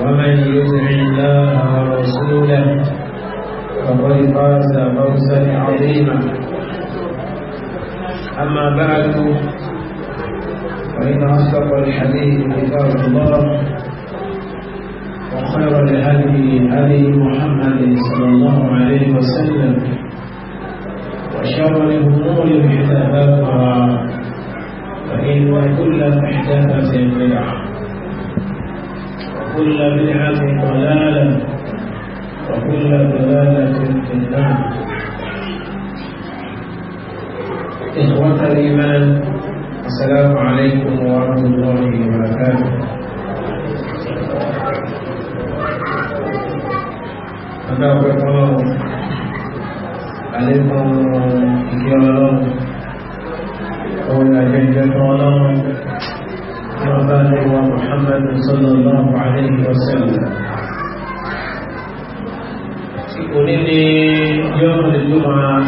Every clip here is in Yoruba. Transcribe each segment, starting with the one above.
ومن يطع الله ورسوله فقد فاز فوزا عظيما اما بعد فان اصدق الحديث كتاب الله وخير الهدي هدي محمد صلى الله عليه وسلم وشر الامور محدثاتها فان كل محدثه بدعه وكل بدعة ضلالة وكل ضلالة في النار إخوة الإيمان السلام عليكم ورحمة الله وبركاته أدعوكم عليكم إكرام قول أجل الله وبارك محمد صلى الله عليه وسلم òní ni yọ́nà lè tó máa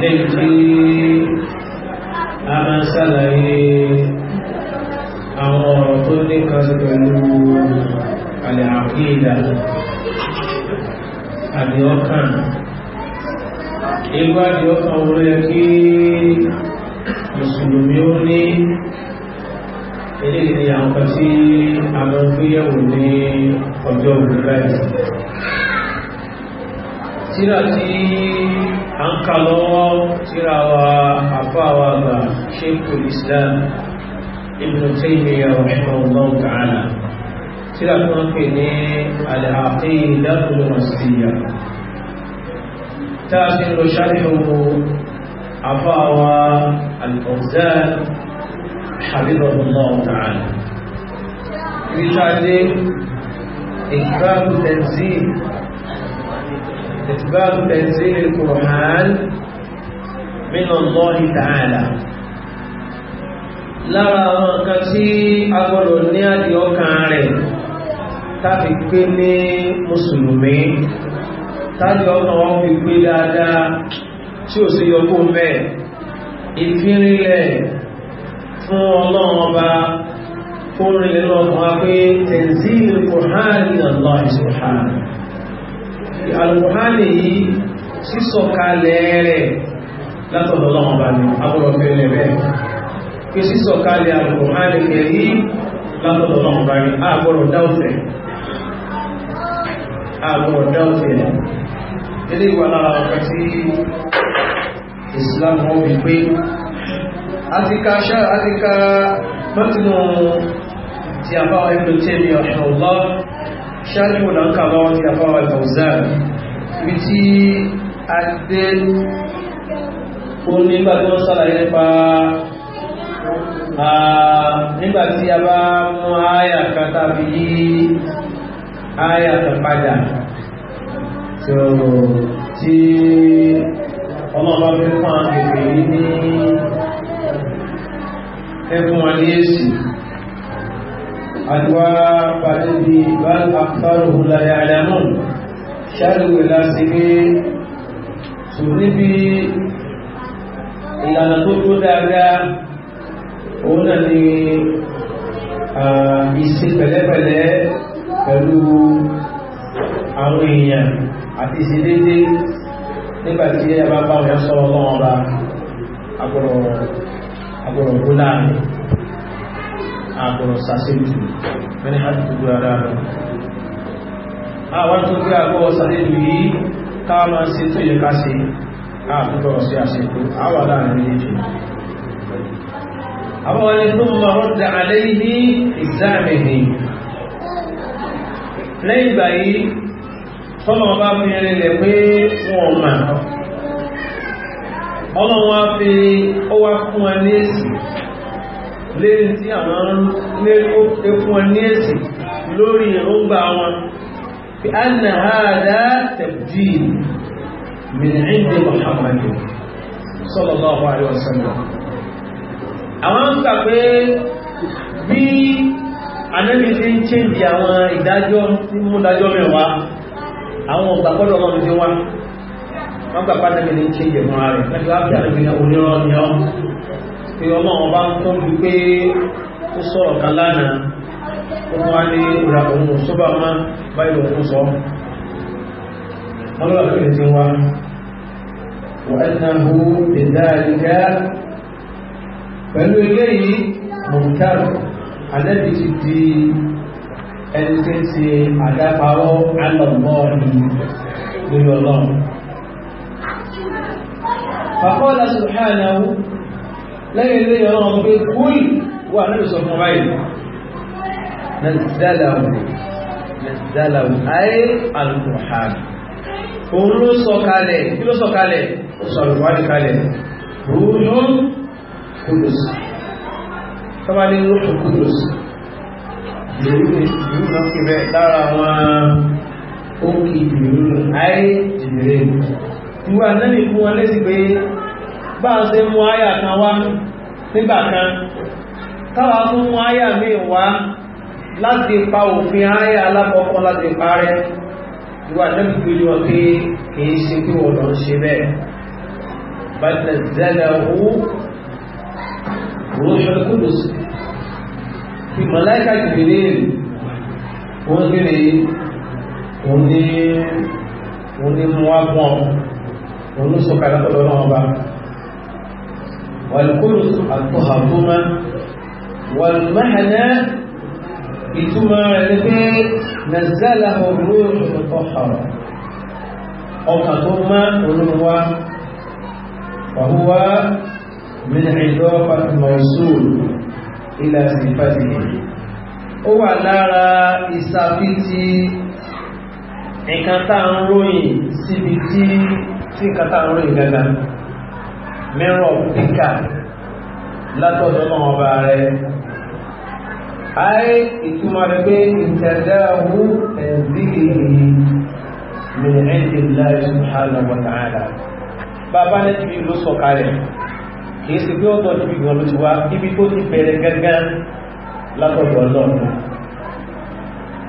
lè tí a máa sàlàyé àwọn ọ̀rọ̀ tó ní kásí pẹ̀lú àlè àkídà àdìọ́kàn ìlú àdìọ́kàn orí ẹ̀kí mùsùlùmí ó ní eléyìí ni àwọn kan tí a lọ gbé yẹ̀wò ní ọjọ́ òní báyìí tíra tí a ń kà lọ́wọ́ tíra wa àfáwà gbà Sheikhul Islam Ibn Taymiyyah rahimahullah ta'ala tíra tó ń pè ní al-Aqidatul Wasitiyya tá a àfáwà alìkọ̀ọ̀zẹ́ Habibullah الله تعالى. ìgbàgbù tẹ̀sí تنزيل tẹ̀sí تنزيل القرآن من الله تعالى. lára àwọn nǹkan tí a gbọ́dọ̀ ní àdíọ́kàn rẹ̀ tàbí pé ní mùsùlùmí tàbí ọkàn wọn fi gbé dáadáa tí ò sí yọkó mẹ́ ìfínrinlẹ̀ fún ọlọ́run ọba fúnrin fún wa pé tẹ̀síìlì kùránì Allah subhanahu alùkùránì yìí sísọ̀kalẹ̀ rẹ̀ látọ̀dọ̀ ọlọ́run ọba ní agbọ́dọ̀fẹ́lẹ̀ rẹ̀ pé sísọ̀kalẹ̀ alùkùránì kẹrí látọ̀dọ̀ ọlọ́run ọba ní agbọ́dọ̀ dáúfẹ́ ilé ìwà lára ọ̀pẹ́ tí islam wọ́n wí pé àtìká ṣáà àtìká mọ́tínú ti àbáwà ibùn tẹ́lì ọ̀ṣọ̀lọ́ ṣáájú ọ̀nà kàbáwà ti àbáwà ìtàwùzáà ibi tí a dé ó nígbà tí wọ́n sọ́lá nípa nígbà tí a bá mú àyà kan tàbí àyà kan padà tí ọlọ́ọ̀bá fi fún àwọn agbègbè yìí ní ẹkùn wọn ní èsì àdúrà di báyìí àpárò láyé àdámọ́ ṣáàlùwé láti gbé ṣùgbọ́n níbi ìlànà tó tó dáadáa òun náà ni ìsìn pẹ̀lẹ́pẹ̀lẹ́ pẹ̀lú àwọn èèyàn àti ìsìn déédéé nígbà tí a bá bá wọn sọ̀rọ̀ lọ́wọ́ bá agbọ̀rọ̀ kó láàrin agbọ̀rọ̀ sàṣẹ́jù mẹ́ni àti gbogbo ara rẹ̀ àwọn tó gbé agbọ̀rọ̀ sàṣẹ́jù yìí káà máa ṣe tó yẹ ká ṣe àgbọ̀rọ̀ sí àṣẹ́kù àwà láàrin méjì àwọn tọ́nà ọba fi rinlẹ̀ pé wọn mà ọlọ́run wá fi ó wá fún wa ní èsì lérí tí àwọn fún wa ní èsì lórí ìrúgbà wọn fi anna hada tabdil min indi Muhammad sallallahu alaihi wasallam àwọn ń kà pé bí àwọn ọgbà gbọ́dọ̀ ọlọ́run ti wá wọ́n gbà pàtàkì ní ṣe ìjẹ̀mọ́ rẹ̀ pẹ̀lú àbí àlejò onírọ̀ ni ọ́ pé ọlọ́run bá ń tọ́jú pé ó sọ̀rọ̀ kan lánàá ó wá ní ìrà òun sọ́bà má báyìí òun sọ ọlọ́run kìí ti wá wọ́nàhú ìdáríká pẹ̀lú eléyìí mọ̀kárù àdẹ́bì ẹni tí ń ṣe àdáparọ́ alọ́gbọ́ọ̀ni lórí ọlọ́run. Fàkọ́lá Subhanahu lẹ́yìn ilé ọlọ́run pé kúrì wà níbi sọ fún báyìí. Nàìjíríàwò, Nàìjíríàwò, ayé alùpùhàn. Òun ló sọ kalẹ̀, kí ló sọ kalẹ̀? Ó sọ alùpùhàn kalẹ̀. Rúdún Kudus. Tọ́ba ní Rúdún Kudus jìbìrìlù lọ́kì bẹ́ẹ̀ lára wọn ó kì jìbìrìlù ayé jìbìrìlù ìwà nẹ́lì fún wọn lé sí pé bá a ṣe mú ayà kan wá nígbà kan káwà fún mú ayà míì wá láti pa òfin ayà alákọ̀ọ́kọ́ láti parẹ́ ìwà nẹ́lì fún wọn pé kìí ṣe kí wọ́n lọ ṣe bẹ́ẹ̀ bá tẹ̀sílẹ̀ ti mọ̀láíkà Jibril òun kí ni òun ní òun ní mú agbọ́n òun ló sọ kalẹ̀ pẹ̀lú ọlọ́run ọba wàlúkúrú àtúhàtúmá wàlúmáhàná ìtumọ̀ rẹ̀ ní pé nàzàlá òwúrò ìtọ́hàrọ̀ ọkàn tó má olúwa wàhúwá min ìdọ́ pàtàkì mọ̀sùlùmí ilẹ̀ ìfẹ́sì ó wà lára ìsàfíti nǹkan tá ń ròyìn síbi tí tí nǹkan tá ń ròyìn gẹ́gẹ́ mẹ́rọ̀ píkà látọ̀dọ̀ náà ọba rẹ̀ ayé ìtumọ̀ rẹ̀ pé ìtẹ̀dáwó ẹ̀dígìrì min ẹ̀dìláì wa ta'ala bàbá ní ti ló kìí ṣe bí ọ̀dọ̀ níbi ìwọ̀n ló ti wá ibi tó ti bẹ̀rẹ̀ gángan látọ̀dọ̀ ọlọ́run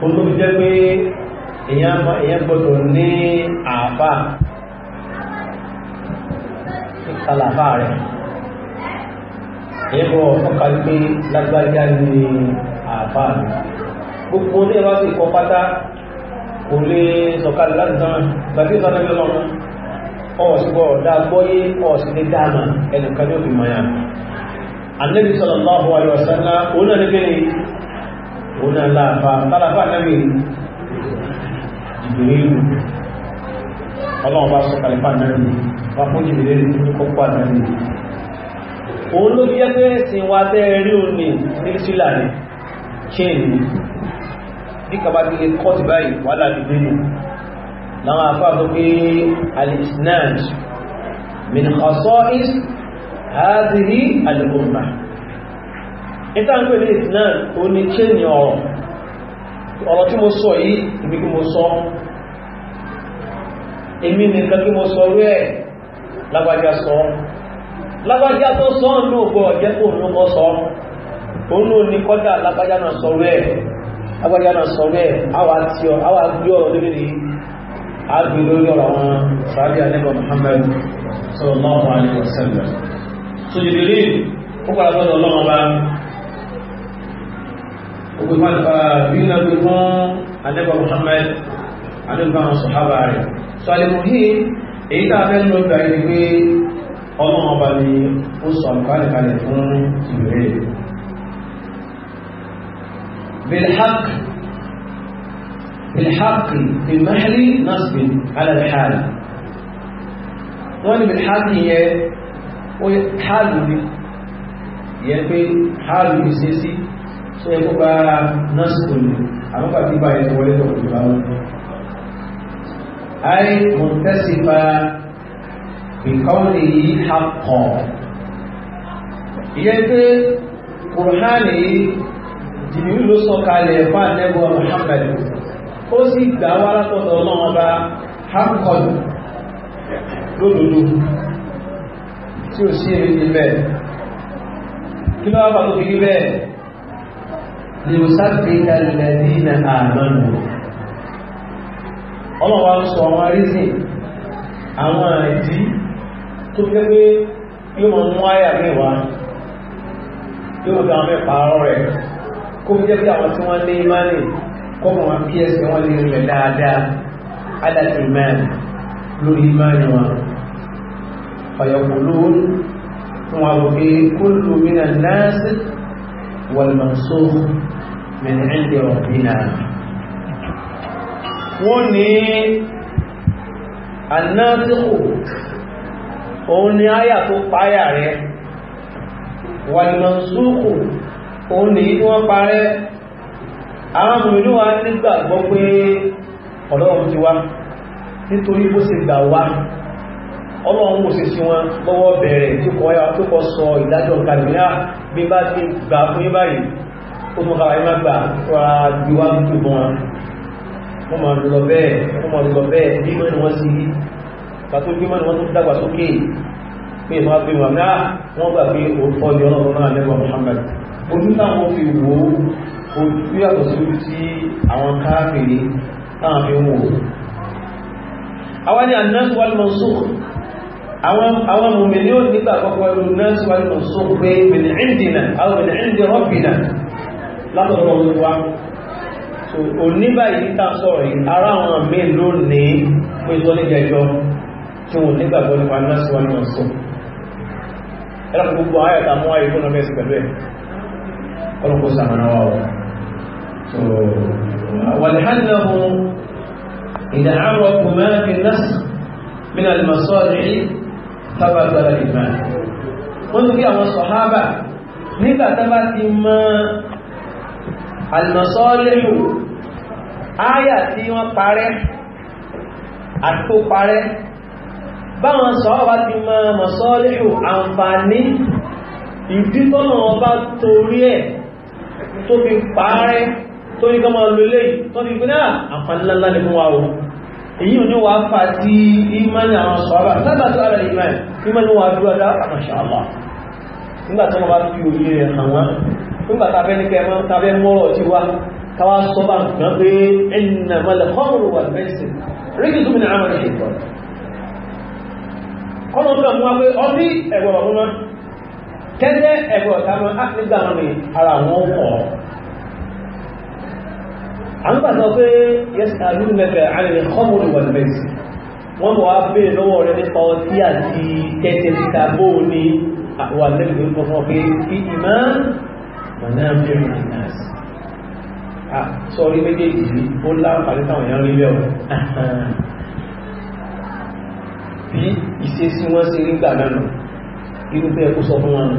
olóbi jẹ́ pé èèyàn gbọ́dọ̀ ní àbá kàlàbà rẹ̀ èèyàn bọ̀ ọ̀kà pé lágbájá ní àbá rẹ̀ gbogbo ní ẹwà sí ìkọ pátá kò lè sọ̀kalẹ̀ láti dán ọ̀sùgbọ́ dágbóyé ọ̀sìlẹ̀ dáàmà ẹnìkan ní òfin mayan annabi sallallahu alaihi wasallam ọ̀nà ní gẹ́rẹ̀ ọ̀nà láàfà tàlàfà náàmì ìgbèrèlú ọlọ́run bá sọ kàlífà náàmì wà fún ìgbèrèlú tó kọ́kọ́ náàmì òun ló fi jẹ́ pé ẹ̀sìn wa tẹ́ rí òní nílùsílà ní chain ní kàbá ti lè kọ́ ti láwọn afá tó pé al-isnad min khasa'is hadhihi al-ummah níta ń pè ní isnad ó ní chéèni ọ̀rọ̀ ọ̀rọ̀ tí mo sọ yìí ibi kí mo sọ èmi nìkan kí mo sọ rẹ̀ lágbàjá sọ lágbàjá tó sọ ní ògbọ́ ọ̀jẹ́ kò ní ọkọ̀ sọ òun ló ní kọ́dà lágbàjá náà sọ rẹ̀ lágbàjá náà sọ rẹ̀ àwà tí ọ àwà gbé ọ̀rọ̀ lórí àbí lórí ọ̀rọ̀ àwọn sàábí àlẹ́bọ̀ Muhammad sallallahu alaihi wasallam so jìbìrí ó kà lọ́dọ̀ ọlọ́run bá òkú ìfàlùfà bí i nàbí fún àlẹ́bọ̀ Muhammad àlẹ́bọ̀ àwọn sọ̀hábà rẹ̀ so alẹ́mùhí èyí tàà fẹ́ lọ gbà ní pé ọlọ́run ọba ni ó sọ àlùkálẹ̀kalẹ̀ fún jìbìrí bilhaq بالحق المحلي نصب على الحال طالب الحال هي حال يبي يعني حال مسيسي سيبقى بقى نصب أما بقى تبقى يتولد أي منتسبة بقوله حقا يبي يعني قرآني جميل صلى الله عليه وسلم محمد ó sì gbà wá látọ̀tọ̀ ọlọ́run ọba harcourt lódodo tí ó sí èrè ní bẹ́ẹ̀ kí ló wá tó fi bẹ́ẹ̀ lè ó sáfíkà lẹ́dí na àmàlù ọlọ́wà ń sọ àwọn arísìn àwọn àìdí tó fẹ́ pé yóò mọ̀ mú àyà mẹ́wàá yóò mọ̀ bí àwọn mẹ́pàá rẹ̀ kó fi jẹ́ pé àwọn tí wọ́n ní ìmánì kọ́mọ̀ wọn kí ẹsẹ̀ wọn lè rẹ̀ dáadáa aláti mẹ́rin lórí mẹ́rin wọn ọ̀yọ̀kù lóòrùn fún wọn wò pé kúlù mìíràn náàsì wọlmọ̀só mẹ́rin ẹ̀ndẹ̀ ọ̀bìnà wọ́n ní anáàsìkò òun ni áyà tó páyà rẹ̀ wọlmọ̀sókò òun ni wọ́n parẹ́ àwọn mìírànú wa nígbàgbọ́ pé ọ̀dọ́wọ̀n ti wá nítorí bó ṣe gbà wá ọlọ́run kò sí sí wọn lọ́wọ́ bẹ̀rẹ̀ tí kọ́ ya tó kọ́ sọ ìdájọ́ kàmíyà ah, bí bá ti gbà fún yí báyìí ó mọ́ kàwàá yí má gbà fúra bí wá tó bọ́ wọn wọ́n máa lọ bẹ́ẹ̀ wọ́n máa lọ bẹ́ẹ̀ bí mọ́ ni wọ́n sí pàtó bí mọ́ ni wọ́n tó dàgbà sókè pé ìmọ̀ ah, pé wọn náà wọ́n gbà fi wò ojú yàtọ̀ sí ojú tí àwọn káàkiri náà fi ń wò àwọn ni annasu wal mansukh àwọn mùmìnì ò nígbà kọ́kọ́ ẹlú annasu wal mansukh pé min indina aw min indi rabbina látọ̀rọ̀ olúwa oníbà yìí ta sọ̀rọ̀ yìí ara àwọn míì lónìí pé tó ní jẹjọ tí wọn nígbà tó nípa annasu wal mansukh ẹlọ́pọ̀ gbogbo ayẹ̀ta mọ́ ayẹ̀kọ́ náà mẹ́sì pẹ̀lú ẹ̀ ọlọ́pọ̀ sàmànáwà wọn ولأنه إذا عرفوا ما في النسخ من المصالح ثبت الإيمان wọ́n fi àwọn sọ̀hábà nígbàtá bá ti mọ́ alìmọ̀sọ́lẹ́hù áyà tí wọ́n parẹ́ àtò parẹ́ báwọn sọ̀hábà ti mọ́ mọ̀sọ́lẹ́hù àǹfààní ìdítọ́nà ọba torí ẹ̀ tó fi parẹ́ tó ní kọmọ lólé tó ní pín náà àpàlálá lè mú wa o èyí ò ní wà fà tí ìmáni àwọn sọ́rọ̀ sábà tó ara ìmáni ìmáni wà dúró dá àmàṣàlá nígbà tó bá fi òye rẹ̀ hàn wọ́n nígbà tàbẹ́ ní kẹmọ́ tàbẹ́ mọ́rọ̀ ti wá káwá sọ bá nǹkan pé ẹnìyàn mọ́lẹ̀ kọ́mùrù wà mẹ́sìn rí ìtumìnà àwọn ìṣẹ̀kọ́ kọ́nà tó mú wápé ọdí ẹgbọ̀rọ̀ múná tẹ́lẹ̀ ẹgbọ̀rọ̀ tánà áfíríkà ní ah, ara wọn wọ̀ àwọn pàtàkì pé yẹ́sà alúmẹ́fẹ́ àrẹ̀rẹ̀ kọ́mùrù wà lẹ́sì wọ́n bọ̀ wá bèèrè lọ́wọ́ rẹ̀ nípa ọtí àti tẹ́tẹ́ títa bóò ní àwọn alẹ́gbẹ̀ẹ́ fọ́fọ́ pé kí ìmá mọ̀nà bẹ̀rẹ̀ ìnáàsì sọ́rí méjèèjì ó láǹfààní táwọn èèyàn rí bẹ́ẹ̀ bí ìṣesí wọ́n sí rí gbà náà irúfẹ́ ẹkú sọ fún wọn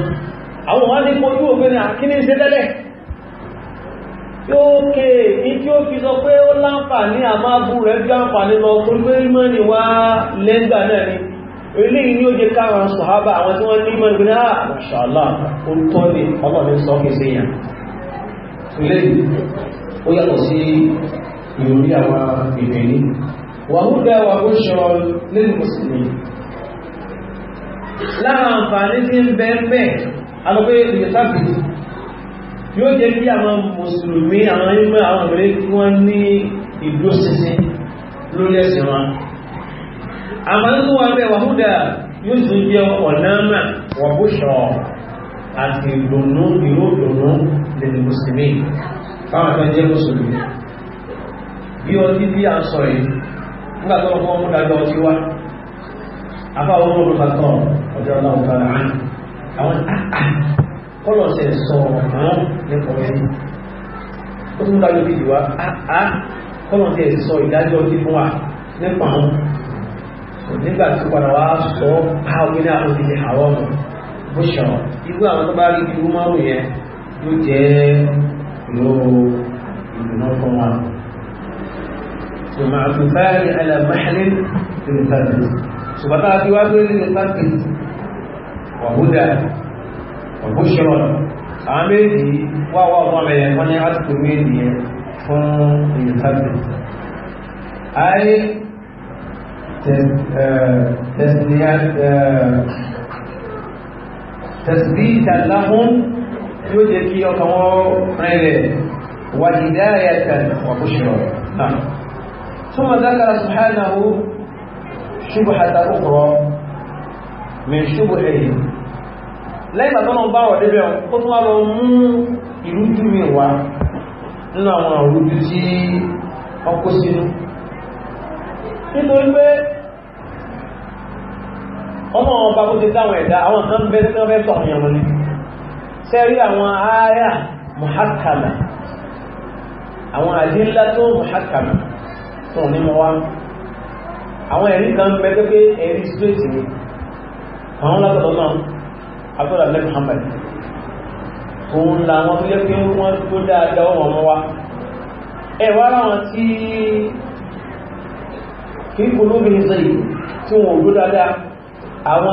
ìgbà àwọn wọ́n lè kojú òfin àkíní ṣe tẹ́lẹ̀ ókè ní tí ó fi sọ pé ó láǹfààní àmábù rẹ̀ bí àǹfààní lọ kó pé mọ́ni wá lẹ́gbà náà ni eléyìí ni ó jẹ káwọn sọ̀hábà àwọn tí wọ́n ní mọ́ni pé náà ah, mashallah ó tọ́ ní ọlọ́rin lára àǹfààní tí ń bẹ́ẹ̀ alọ́pẹ́ ìgbẹ̀sáàkì yóò jẹ́ bí àwọn mùsùlùmí àwọn ẹgbẹ́ àwọn ọ̀rẹ́ tí wọ́n ní ìlú sísin lórí ẹ̀sìn wọn àwọn tó wà bẹ́ wàhúdà yóò tún jẹ́ ọ̀nàmà wàbúṣọ̀ àti ìdùnnú ìró ìdùnnú lẹ́nu mùsùlùmí fáwọn tó jẹ́ mùsùlùmí bí wọ́n ti bí à ń sọ yìí nígbà tó wọ́n mú dájọ́ ọtí wá afáwọn ọmọ olùkàtọ̀ ọjọ́ náà kàrà àwọn àà kọ́lọ̀ ṣe sọ̀rọ̀ mọ́ nípa ẹni ó tún bá yóò fìdí wa àà kọ́lọ̀ ṣe sọ ìdájọ́ ti fún wa nípa wọn nígbà tó padà wá sọ káwé ní àwọn ìdílé àwọn ọmọ bó ṣọ irú àwọn tó bá rí irú márùn yẹn yóò jẹ ìlú ìdùnnú fún wa. ثم اعتفاء على محل للقدس سبحانه وتعالى في وادي وهدى وبشرى عامل وهو طبعا من يعتقد ميديا فن يثبت اي تسليات تثبيتا لهم يوجد في اوتومو وهداية وبشرى نعم ثم ذكر سبحانه شبهة أخرى min ṣubu ẹ̀yìn lẹ́yìn àtọ́nà bá wọ̀ débẹ̀ ó tún wá lọ mú ìlú jú mi wá nínú àwọn òrùjú tí ọkó sínú nítorí pé ọmọ ọba bó ti dáwọn ẹ̀dá àwọn kan bẹ́ tí wọ́n fẹ́ tọ̀ ọ̀yàn lónìí sẹ́rí àwọn ààyà muhakkama àwọn àdílá tó muhakkama tó ní mọ́ wá àwọn ẹ̀rí kan bẹ́ tó pé ẹ̀rí straight ni àwọn látọ̀dọ̀ náà agbọ́dà lẹ́nu hamad òun làwọn tó yẹ pé wọ́n tó dáadáa wọ́n mọ́ wá ẹ̀wà láwọn tí kí kúlóbi ìzẹ̀ tí wọ́n òdó dáadáa àwọn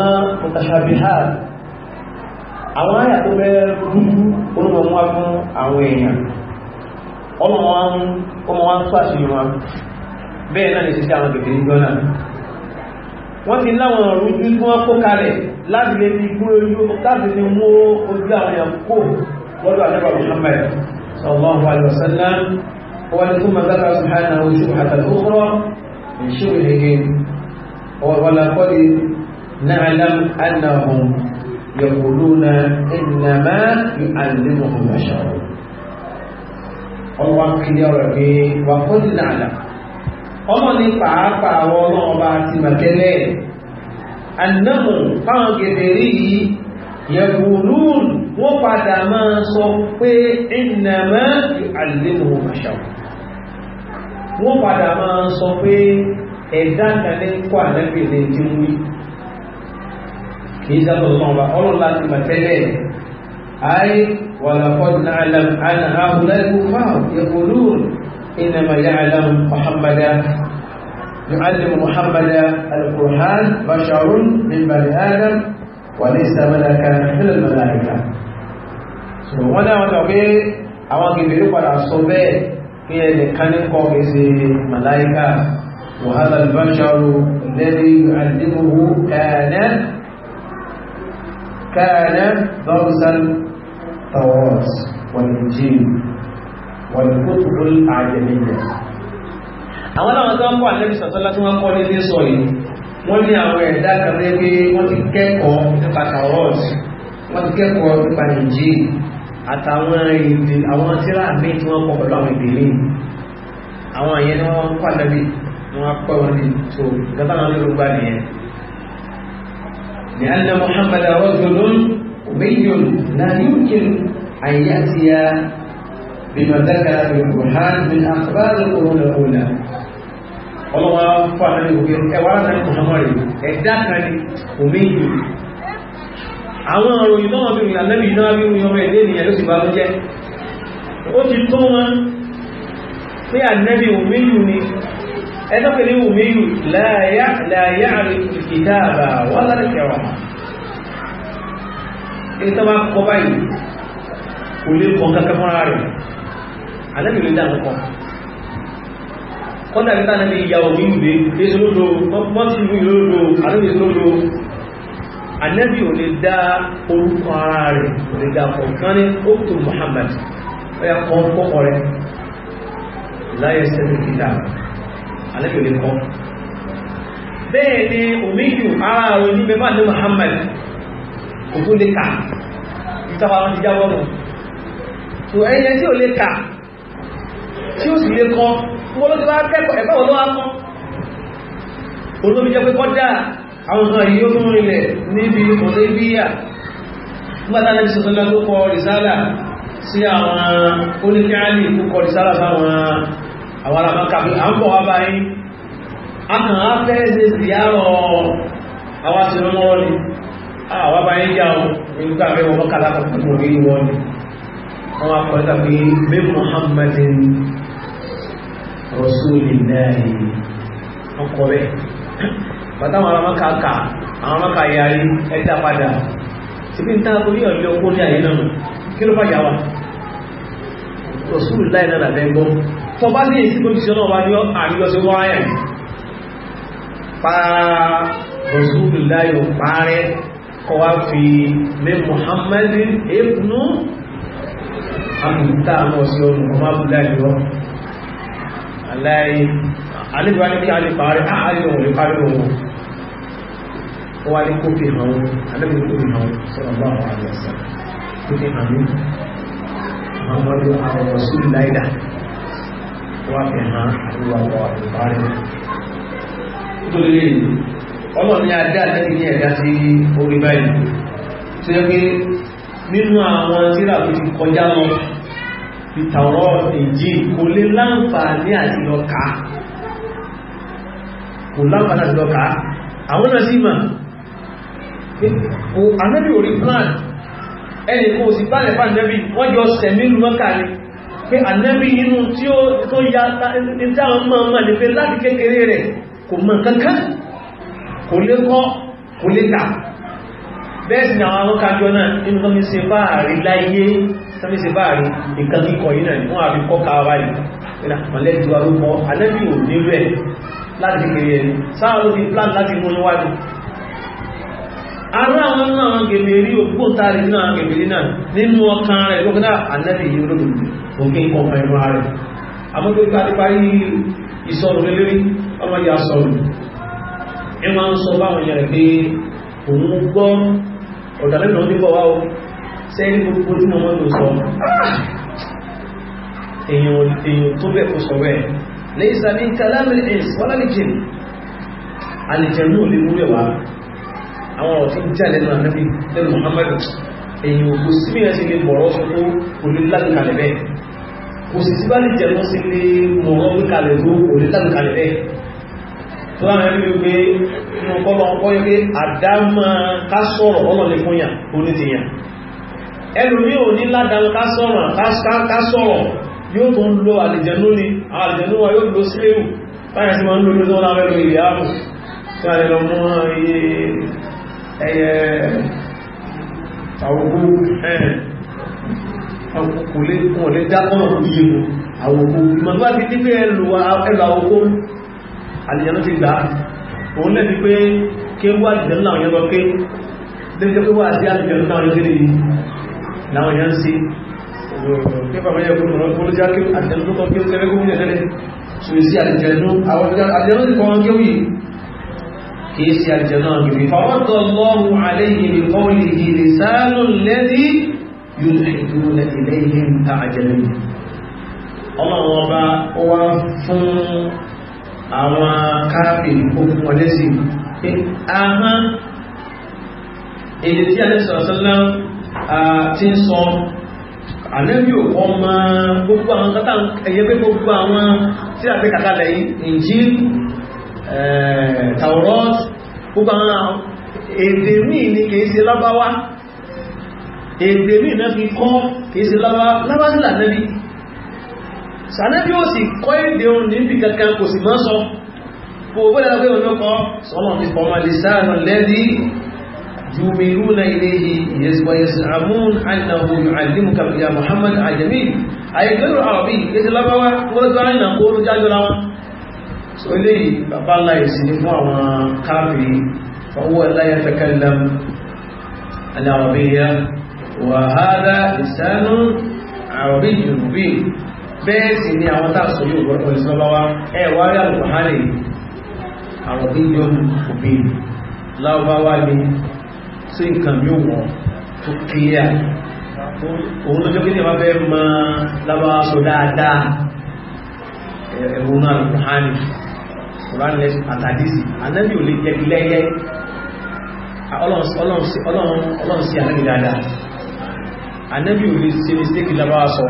ọmọ wọn wọn bẹ́ẹ̀ náà ni àwọn wọ́n ti láwọn ọ̀rún tí wọ́n kó kalẹ̀ láti lè ti kúrò yóò láti lè mú ojú àwọn èèyàn kó lọ́dọ̀ àjẹ́bà Muhammad sallallahu alaihi wasallam wọ́n tún ma dára sùhánà ojú àtàlókọ́ ìṣòwòlẹ́gẹ́ wọ́lọ́kọ́dì na'lam annahum yaquluna innama yu'allimuhu basharun ọwọ́ kìlẹ̀ ọ̀rọ̀ pé wà ọmọ ní pàápàá àwọn ọlọ́ọ̀bá àti màtẹ́lẹ̀ ànámù fáwọn gẹ̀dẹ̀rí yìí yẹ̀kùnún wọ́n padà máa sọ pé ìnàmá àlèmù àṣà wọ́n padà máa sọ pé ẹ̀dá kalẹ̀ ń kọ́ ànábì ní ti ń wí kì í sábà ọlọ́ọ̀bá ọlọ́ọ̀lá àti màtẹ́lẹ̀ إنما يعلم محمدا يعلم محمدا القرآن بشر من بني آدم وليس ملكا من الملائكة سبحان الله wọ́n tọ̀gbé àwọn gbèbèrè padà sọ bẹ́ẹ̀ kí وهذا البشر الذي يعلمه كان كان درس التوراة والإنجيل wọ́n ni kó tó lórí àjẹ̀mí rẹ̀ àwọn àwọn tó ń kọ́ àlẹ́bí sọ̀tọ́lá tí wọ́n kọ́ ní sọ yìí wọ́n ní àwọn ẹ̀dá kan lé pé wọ́n ti kẹ́kọ̀ọ́ nípa tarot wọ́n ti kẹ́kọ̀ọ́ nípa nìjí àtàwọn èdè àwọn tíra míì tí wọ́n kọ́ pẹ̀lú àwọn èdè míì àwọn àyẹn ni wọ́n kọ́ àlẹ́bí ni wọ́n kọ́ wọn ní tó ìjọba àwọn olóró gbà nìyẹn لأن محمد رجل أمي لا يمكن بما ذكر في القرآن من أخبار القرون الأولى ọlọ́wọ́ fún àwọn ìwòye ẹwà láti mọ̀hánmọ́rì ẹ̀dá kan ní òmìnirì àwọn òròyìn náà bí ìrìn àlẹ́bì náà bí ìrìn ọmọ ẹ̀dẹ́ ènìyàn ló sì bá ló jẹ́ ó ti tó wọn pé ànẹ́bì òmìnirì ni ẹ̀dọ́kẹ̀lẹ́ òmìnirì láyá ìdáàbà wọ́n lárẹ̀kẹ̀rọ̀ ètò wa ànábì ló dáhùn kan kọ́dà nípa ànábì ìyá òbí ìwé èso lódò mọ́tí ìwé lódò ànábì èso do ànábì ò lè dá orúkọ ara rẹ̀ ò lè dá ọ̀kan o ókùtù Muhammad o ọ̀yà kan kọ́kọ́ rẹ̀ láyé sẹ́lẹ̀ kìtà ànábì ò lè kọ́ bẹ́ẹ̀ ni òmíyù ara rẹ̀ ní mẹ́fà ní Muhammad kò tó lè kà ìtàwọn ti jáwọ́ mọ́ so ẹ̀yẹ tí o lè kà tí ó sì lè kan wọ́n ló ti wá kẹ́kọ̀ọ́ ẹ̀kọ́ wọn ló wá kán olóbi jẹ́ pé kọ́dà àwọn nǹkan yìí ó fún ilẹ̀ níbi ọ̀dọ́ ibíyà nígbàtà lẹ́bí sọ́sọ́lá ló kọ rìsálà sí àwọn oníkẹ́álì ló kọ rìsálà sáwọn àwọn alábákàbí à ń bọ̀ wá báyìí a kàn á fẹ́ ṣe ìyárọ̀ àwọn aṣèrànlọ́wọ́ ni àwọn báyìí jà wọn Rasulillah ọkọ̀ rẹ̀ bàtàwọn ará maka kà àwọn maka yarí ẹja padà síbí ń tàbí ní ọ̀lẹ́ ọkọ̀ ní àyè náà kí ló fàyà wa Rasulillah náà làbẹ́ gbọ́ tó bá sí èsì tó jíṣẹ́ náà wá ní àríyọ́sí wọ́n ayẹ̀ pa Rasulillah yóò parẹ́ kọ́ wá fi mẹ́ Muhammadin ibnu àmì tá àwọn ọ̀sẹ̀ ọ̀rùn ọmọ abúlé àjọ aláì àlejò alẹ́ kí a lè parí àárín òun lè parí òun ó wá ní kófì hàn alẹ́bí kófì hàn sọ̀rọ̀ bá àwọn àlẹ́ ọ̀sán kófì hàn mí muhammadu àwọn rasul laida wá fi hàn àwọn àwọn àlùbárí nítorí ọlọ́run ní adá lẹ́yìn ní ẹ̀dá ìtàwọ́ èjì kò lè láǹfààní àti lọ́ka kò láǹfààní àti lọ́ka àwọn náà sí mà anábì orí plan ẹni kò sí pálẹ̀ fà nẹ́bì wọ́n jọ sẹ̀mí lùmọ́kà ni pé anábì inú tí ó tó ya ìtàwọn máa máa lè fẹ́ láti kékeré rẹ̀ kò mọ̀ kankan kò lè kọ́ kò lè tà bẹ́ẹ̀ sì ni àwọn àwọn kájọ náà inú láyé sẹ́mísì báàrí nǹkan kíkọ̀ yìí náà ni wọ́n àfi kọ́ káwà rí ìlà mọ̀lẹ́dì wa ló mọ́ alẹ́bí ò nílò ẹ̀ láti kéré ẹni sáà ló ti plan láti mú níwájú ara àwọn náà gèmèrí ògbóǹtarì náà gèmèrí náà nínú ọkàn rẹ̀ lókùnà alẹ́bí yìí ló dùn òkè nǹkan ọmọ ẹnu rẹ̀ àmọ́ tó ká nípa yí ìsọ̀rọ̀ lélẹ́rí ọmọ sẹ́rí gbogbo nínú wọn ló sọ èèyàn tó bẹ̀ kó sọ bẹ́ẹ̀ ní ìsàmì kalamil ins wọ́n lábí jìn alìjẹ̀nú olè múlẹ̀ wá àwọn ọ̀rọ̀ tí ń jà lẹ́nu ànábì lẹ́nu Muhammadu èèyàn kò sí bí ẹ̀ṣẹ̀ lè bọ̀rọ̀ sọ pé olè lálùkalẹ̀ bẹ́ẹ̀ kò sì sí bá lè jẹ̀nú sí mọ̀rọ̀ lùkalẹ̀ tó olè lálùkalẹ̀ ẹlòmí ò ní ládàá ká sọ̀rọ̀ ká sọ̀rọ̀ yóò tó ń lo àlìjẹ̀nú ni àlìjẹ̀nú wa yóò lo sílẹ̀rù táyà sí ma ń lórí lọ́wọ́ lábẹ́lú ilẹ̀ ààbò tí a lè lọ mú iye ẹyẹ àwòkú àwòkú kò lè dákọ́ iye mú àwòkú ìmọ̀lúwà ti dípé ẹlù àwòkú àlìjẹ̀nú ti gbà òun lẹ́bi pé kéwà náà yẹ́ láwọn yẹn sí pípa mẹ́yẹ fún ọ̀rọ̀ fún olójá kí àjẹ́lú tó kọ́ kí ó tẹ́lẹ́ kó múlẹ̀ tẹ́lẹ̀ tó sí àjẹ́lú àwọn àjẹ́lú ti kọ́ kí ó yìí kì í sí àjẹ́lú àwọn ìbí fàwọ́tọ̀ lọ́rùn àlẹ́yìn ìbí kọ́wìlì ìrì sáàlù lẹ́dí yóò ẹ̀dùn ilẹ́yìn ta àjẹ́lú ọlọ́run ọba ó wá fún àwọn káàpì òkun wọlé sí pé àmá èdè tí a ní sọ̀rọ̀ sọ́lọ́run tí ń sọ ànẹ́bí ò kọ́ ma gbogbo àwọn kátà ẹ̀yẹ pé gbogbo àwọn tí a fẹ́ kàtà lẹ́yìn Injil eh, Taurat gbogbo àwọn èdè míì ní kìí ṣe lábáwá èdè míì náà fi kọ́ kìí ṣe lábáwá sí lànẹ́bí sànẹ́bí ó sì kọ́ èdè òun níbi kankan kò sì mọ́ sọ gbogbo ẹ̀lẹ́gbẹ̀ẹ́ يميلون إليه ويزعمون أنه يعلمك يا محمد عجمي أي غير عربي ليس لبوا ولد عنا قول جاجرا سؤالي بابا الله يسلم وما كافي فهو لا يتكلم العربية وهذا لسان عربي مبين بس إني أعطى سيوب ورحمة الله أي واريا البحري عربي مبين لا بوا o sí nǹkan mi wọ́n tó kíyà òun ló jẹ́ kí ní ẹ̀bá bẹ́ẹ̀ ma lábá sọ dáadáa ẹ̀rùn náà kùránì kùránì lẹ́sùn a anábì ò lè jẹ́ lẹ́yẹ́ ọlọ́run sí anábì dáadáa anábì ò lè ṣe mistake lábá sọ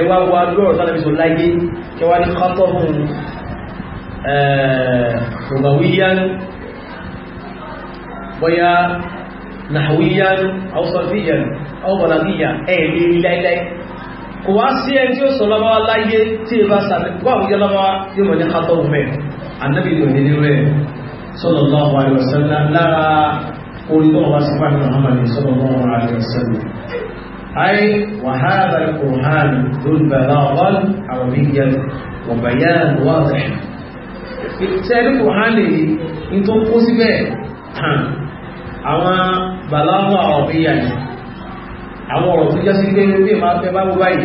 ẹwà wà lọ́rọ̀ tánàbí sọ láyé kẹwàá ní kọ́tọ̀ bóyá nàwíyánu àwọsọ̀fíyàn àwọ̀bọ̀làbíyà ẹ̀ẹ̀lẹ́ iláìláì kò wá sí ẹni tí ó sọ lọ́wọ́ láyé tí ẹ bá sàbẹ̀kọ́ lọ́wọ́ yóò mọ̀ ní kátọ́ mẹ́ ànábì ní òní rẹ̀ sallallahu alaihi wasallam lára orí tó wọ́n sí pàdé Muhammad sallallahu alaihi wasallam ayé wàhálà kùrhán lórí bàbá wọn àwọ̀bíyà wọ̀bàyà wọ́n tẹ̀ àwọn bàláwà ọ̀bíyà ni àwọn ọ̀rọ̀ tó jásí pé pé máa fẹ́ bá wọ́n báyìí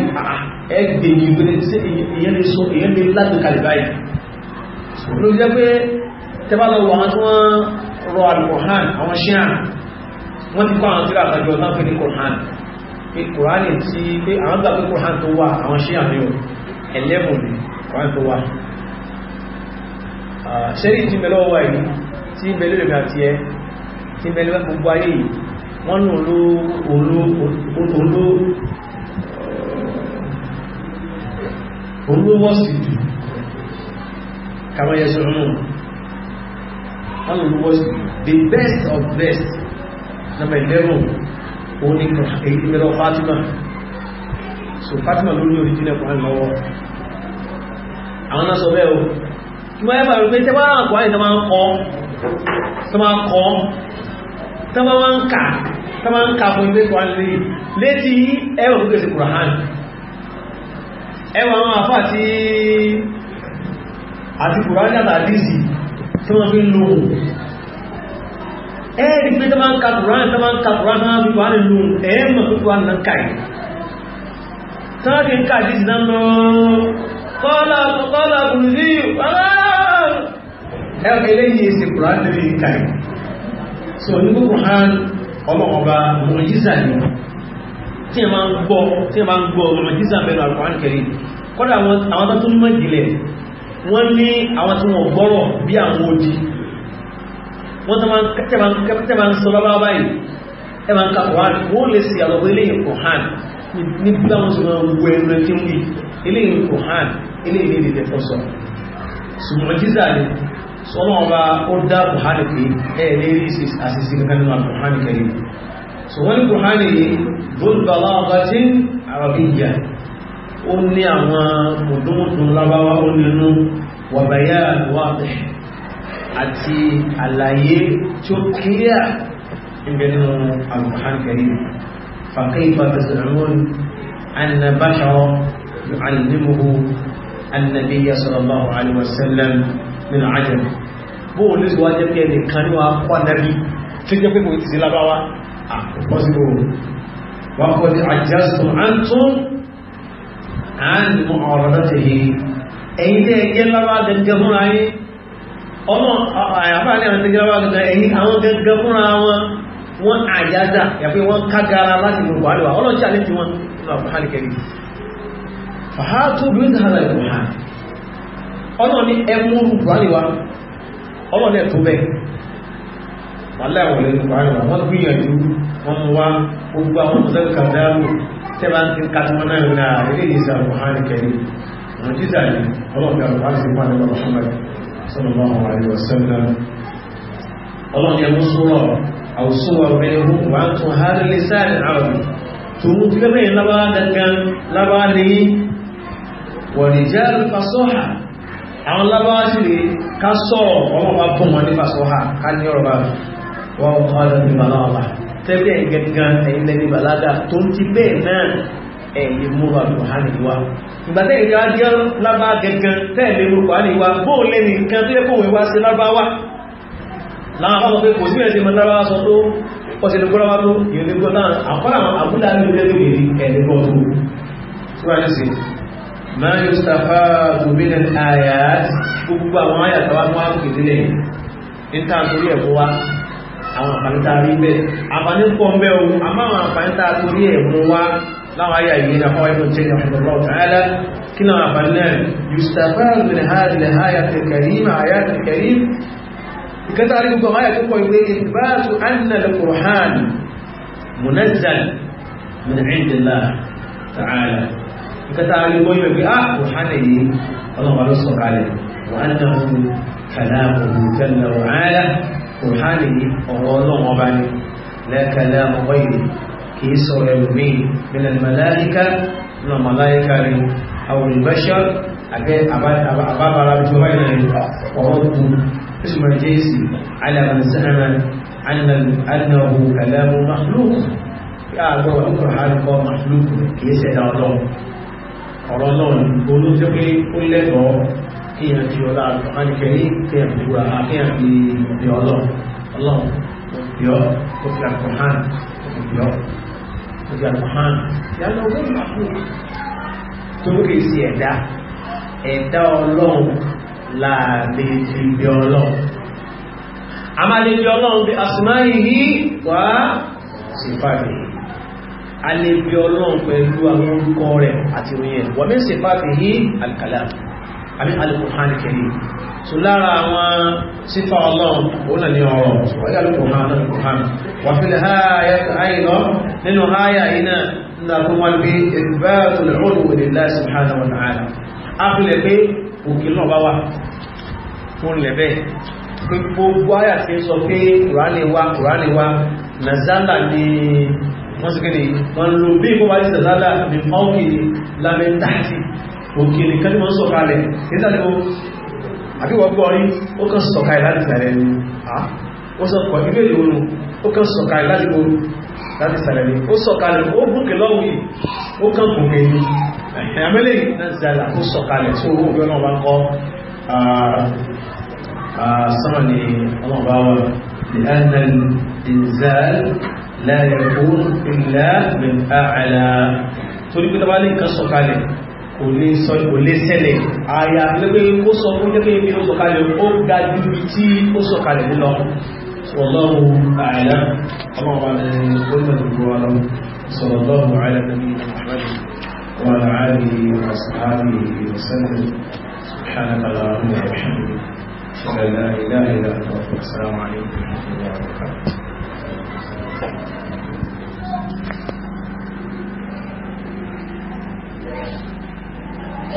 ẹgbẹ̀ ní ìgbẹ̀ tí èyàn lè sọ èyàn lè láti kalẹ̀ báyìí ló jẹ́ pé tẹ́bálọ́wọ́ àwọn tí wọ́n rọ alùkọ̀hán àwọn ṣíà wọ́n ti kọ́ àwọn tíra àtàjọ náà pé ní kọ̀hán pé kùránì tí pé àwọn gbà pé kọ̀hán tó wà àwọn ṣíà ní ò ẹlẹ́mùn ní kọ̀hán tó wà tí mẹ́lẹ́wẹ́ gbogbo ayé yìí wọ́n nù ló oló olówó sí jù kàwọn yẹsùn nù wọ́n nù lówó the best of best number eleven òun ni èyí ti mẹ́lọ Fatima so Fatima ló ní original Quran lọ́wọ́ àwọn náà sọ bẹ́ẹ̀ o kí wọ́n yẹ́ bàrù pé tẹ́wọ́n àwọn Quran kọ́ tọ́mọ́ wá ń kà tọ́mọ́ ń kà fún ilé kọ́ lè létí ẹwà fún kèsì kùrán ẹwà wọn àfá àti àti kùrán jàtà àdízi tí wọ́n fi lóhùn ẹ̀rí pé tọ́mọ́ ń ka kùrán tọ́mọ́ ń ka kùrán tọ́mọ́ fi kùrán lóhùn ẹ̀ẹ́mọ̀ fún kùrán náà kàì tọ́mọ́ fi ń ka àdízi náà lọ sí onígbò Quran ọlọ́ọ̀ba mọ̀jísà ni tí a máa ń gbọ́ tí a máa ń gbọ́ mọ̀jísà bẹ̀rẹ̀ Al-Quran Karim kọ́dà àwọn tó ní mọ̀jìlẹ̀ wọ́n ní àwọn tí wọ́n gbọ́rọ̀ bí àwọn odi wọ́n tó máa ń sọ lọ́wọ́ báyìí ẹ máa ń ka Quran wọ́n lè sí àlọ́gbọ́ ilé Quran nígbà wọn sì máa wọ ẹnu ẹ tí ń wí ilé Quran ilé ìlú ìdẹ̀fọ́sọ ṣùgbọ́n jíza ni sọ́lọ́ ọba ó dá buhari pé ẹ̀ lérí àṣìṣì kankan nínú buhari kẹrì so wọ́n ni buhari bọ́lbàlá ọba tí arabiya ó ní àwọn mùdúnmùdún lábáwá ó nínú wàbáyá wàbẹ̀ àti àlàyé tí ó kíyà ìgbẹ̀ nínú ajẹ́m bó o lè wá jẹ́ pé ẹnìkan ní wọ́n kọ́ nẹ́bí tí jẹ́ pé kò ti sí lábáwá àpọ̀sílò wọ́n kọ́ ní àjẹ́sùn àntún àánìmọ̀ ọ̀rọ̀ láti hì ẹ̀yìn tẹ́ ẹgẹ́ lábáwá gẹ́gẹ́ fúnra yín ọmọ àyàfáàlẹ́ àwọn tẹ́gẹ́ lábáwá gẹ́gẹ́ ẹ̀yìn àwọn gẹ́gẹ́ fúnra wọ́n àjáza yàfẹ́ kẹrì fàhátó bí ó ń hàlà ìgbòhàn ọ̀nà ní ẹmúrù kùránìwá ọmọ náà tó bẹ́ẹ̀ wàláwọ̀ lẹ́nu kùránìwá wọ́n gbìyànjú wọ́n wá gbogbo àwọn ọ̀sán kàdáàrù tẹ́bà ń kàtàmọ́ náà náà ilé ìsà mọ̀hánì kẹrì mọ̀jísà ní ọlọ́pàá àti ìpàdé Muhammad sallallahu alaihi wasallam ọlọ́ni ẹmú sọ́rọ̀ àwùsọ́wà mẹ́rù wà ń tún hárí ti gẹ́gẹ́ lábára dangan lábára ní wọ̀nìjẹ́ alfasọ́hà àwọn lábáwá sì rí ká sọ ọmọ bá bùn wọn nípa sọ́hà ká ní ọ̀rọ̀ bá wọn kọ́ ọ̀dọ̀ ní baláwa tẹ́bí ẹ̀yìn gẹ́gán ẹ̀yìn lẹ́ni bàlágà tó ń ti bẹ́ẹ̀ náà ẹ̀yìn mú wa lò hàn níwá ìgbà tẹ́ ìgbà díẹ̀ lábá gẹ́gán tẹ́ẹ̀lé mú wa níwá bóò lẹ́ni nǹkan tó yẹ kó wọ́n wá sí lábáwá láwọn ọmọ pé kò sí ẹ̀sìn mọ́ lábáwá sọ tó ọ̀sẹ̀ ló gbọ́ra wá tó ìrìnlẹ́gbọ́ máa yóò sàfà gómìnà àyà gbogbo àwọn àyà tàwa mú àkókò sílẹ̀ níta torí ẹ̀kọ́ wa àwọn àǹfààní tá a rí bẹ́ẹ̀ àǹfààní pọ̀ ń bẹ́ o àmọ́ àwọn àǹfààní tá a torí ẹ̀ mú wa láwọn àyà yìí náà fọwọ́ ìbùn tẹ́lẹ̀ ọ̀pọ̀ ọ̀pọ̀ ọ̀tàlá kí náà àǹfààní náà yóò sàfà gómìnà àyà tẹ̀kẹ̀rìm nǹkan tá a rí gbọ́yìn pé ah kùránì yìí ọlọ́run ló sọ kalẹ̀ wọ́n náà fún kàlá òun jẹ́lẹ̀ wọ́n áyá kùránì yìí ọ̀rọ̀ ọlọ́run ọba ni lẹ́kàlẹ́ ọmọ yìí kì í sọ̀rọ̀ ẹlòmíì mílẹ̀ màláíkà náà màláíkà rí àwọn ìbáṣọ́ àbẹ́ àbábára tí ó báyìí rí ọ̀rọ̀ kù ismail jésì alàmùsánà annahu kàlámù mahlúkù yà kì í ṣẹ̀dá ọlọ́run ọ̀rọ̀ náà ni olóṣẹ́ pé ó lẹ́tọ̀ọ́ kíyàn ti ọlá àlùkànìkẹ́ ní kíyàn ti wúra kíyàn ti ọ̀dẹ̀ ọlọ́run ọlọ́run yọ ó fi àkùnhán yọ ó fi àkùnhán yálà owó ìlàkù tó ń kèé sí ẹ̀dá ẹ̀dá ọlọ́run láàlẹ́ ti bí ọlọ́run a máa lè bí ọlọ́run bí asùmáyìí wá sí fàbí a lè bí ọlọ́run pẹ̀lú àwọn orúkọ rẹ̀ àti ìròyìn wọ́n mẹ́sì fàfihì ní alkàlá àbí alkùnhán kẹrì so lára àwọn sífà ọlọ́run òun ni ọ̀rọ̀ wáyé alkùnhán alkùnhán wà fi lè háyà lọ nínú háyà iná nàgbọ́n bí ìgbẹ́ẹ̀tù subhanahu wa ta'ala a fi lè pé òkè náà bá wà fún lẹ́bẹ̀ẹ́ pé gbogbo áyà sọ pé kùránì wa kùránì wa nàzálà ni wọ́n sì kẹ́ni wọ́n lò bí kó wáyé sàzálà ní fọ́nkì lamẹ́ntàtì òkè ní kẹ́lú wọ́n sọ̀kalẹ̀ nítorí ó àbíwọ̀ gbọ́ rí ó kàn sọ̀kalẹ̀ láti sàrẹ̀ ni ó sọ pọ̀ ilé ìrònú ó kàn sọ̀kalẹ̀ láti gbòrò láti sàrẹ̀ ni ó sọ̀kalẹ̀ ó gùnkè lọ́wọ́ yìí ó kàn gùnkè ni ẹ̀yàmẹ́lẹ̀ ìdájálà ó sọ̀kalẹ̀ tó ó gbé ọmọ bá kọ́ sọ́mọ̀ ni ọmọ bá wọ́n لا yakun إلا من أعلى. torí pé tàbí nǹkan sọ̀kalẹ̀ kò lè sọ kò lè ṣẹlẹ̀ àyà pẹ́pẹ́ kó sọ fún jẹ́ pé ibi ó sọ̀kalẹ̀ ó ga ju ibi tí ó sọ̀kalẹ̀ lọ wallahu a'lam ọlọ́run wa lè gbọ́dọ̀ gbogbo wa lọ sallallahu ala nabiyina Muhammad wa ala alihi wa sahbihi wa sallam subhanaka allahumma wa bihamdika la ilaha illa anta astaghfiruka wa atubu ilayk obìnrin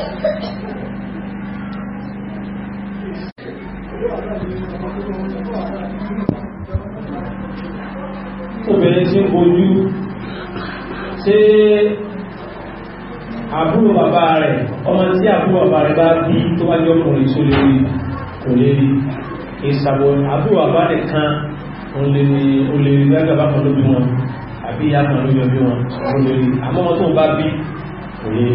tí ń bojú tí àbúrò bàbá rẹ̀ ọmọ tí àbúrò bàbá rẹ̀ bá bí tó wá jọ kùnrin tó lè kò lè ìsàbò àbúrò bàbá nìkan olè rí gbẹ́gbẹ́ kan ló bí wọn àbí ìyá kan ló yọ bí wọn olè rí àmọ́ tó bá bí kò lè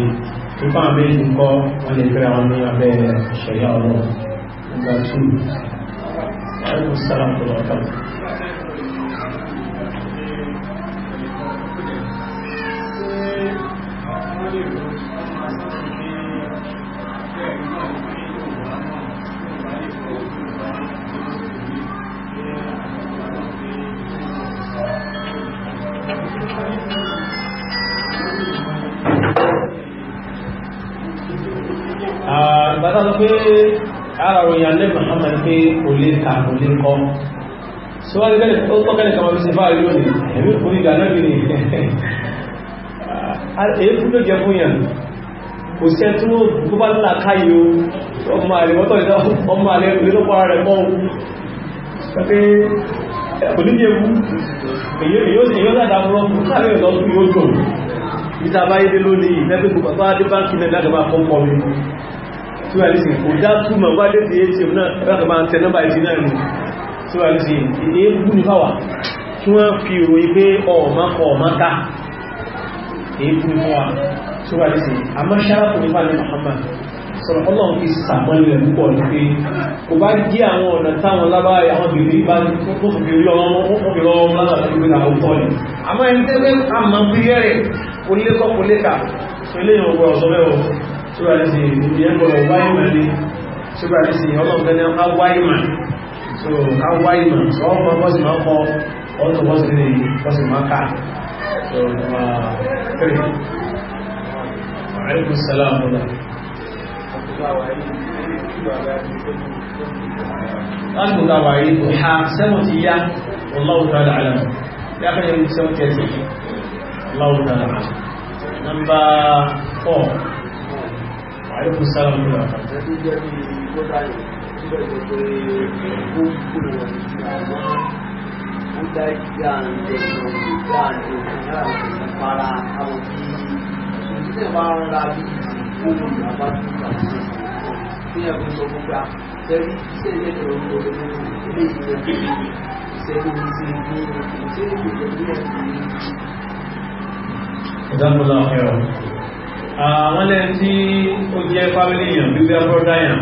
nípa àmì ìkọ́ wọn lè fẹ́ àwọn ní abẹ́ ṣẹ̀yà ọlọ́run nígbà 2 bá sọ pé ara òyìn alẹ́ Muhammad pé kò lè kà kò lè kọ́ síwájú bẹ́ẹ̀ ó tọ́ kẹ́lẹ̀ kàwọn fíṣe fáà yóò ní ẹ̀mí kò ní ìdáná bí ní èébú ló jẹ fún yàn kò sí ẹtú tó bá nílà káyé o ọmọ àlè wọ́tọ̀ ìdá ọmọ àlè ìlọ́pọ̀ ara rẹ̀ mọ́ pé kò ní jẹ wú èyí ó dáadáa mọ́ káàrí ọ̀dọ́ tó yóò dùn ìta báyé dé lónìí ìfẹ́ pé gbogbo bá dé báńkì náà lágbàá fọ́pọ̀ mi síwáyìsì kò dá túnmọ̀ wá dé ti atm náà rákàbà ń tẹ nọ́mbà ìdí náà nù síwáyìsì èébù ní fáwà kí wọ́n fi ròyìn pé ọ̀ọ̀má ọ̀ọ̀máká èébù ní fáwà síwáyìsì àmọ́ sáàpù nípa ní Muhammad sọ̀rọ̀ ọlọ́run fi sàmọ́lẹ̀ púpọ̀ ní pé kò bá gé àwọn ọ̀nà táwọn lábáyé àwọn bèbè bá tó fi rí ọmọ ó fi lọ́wọ́ lásàtọ̀ ìgbé àwọn ọ̀tọ́ ni àmọ́ ẹni tẹ́lẹ̀ àmọ́ bí rẹ̀ kò lé kọ́ kò lé kà sọ ilé ìrọ̀gbọ̀ ọ̀sọ́mẹ́wọ̀ ṣúgbà ní sí ìyẹn gbọ́dọ̀ wáyìmà ní ṣúgbà ní sí ọlọ́gbẹ́ni awáyìmà so awáyìmà so ọmọ bọ́sì máa kọ ọtọ̀ bọ́sì ní bọ́sì máa ká so kiri alaikum salam ọlọ́ láti mọ̀ta wà rí kò ha sẹ́mọ̀ ti yá ọlọ́wọ́ta aláàmù ya kan yẹn sẹ́mọ̀ ti yá sí ọlọ́wọ́ta aláàmù nọ́mbà 4 àríkùn sára ní àwọn ah, lẹ́yìn tí ó jẹ́ fámílì yàn bí wíwá brọ́dá yàn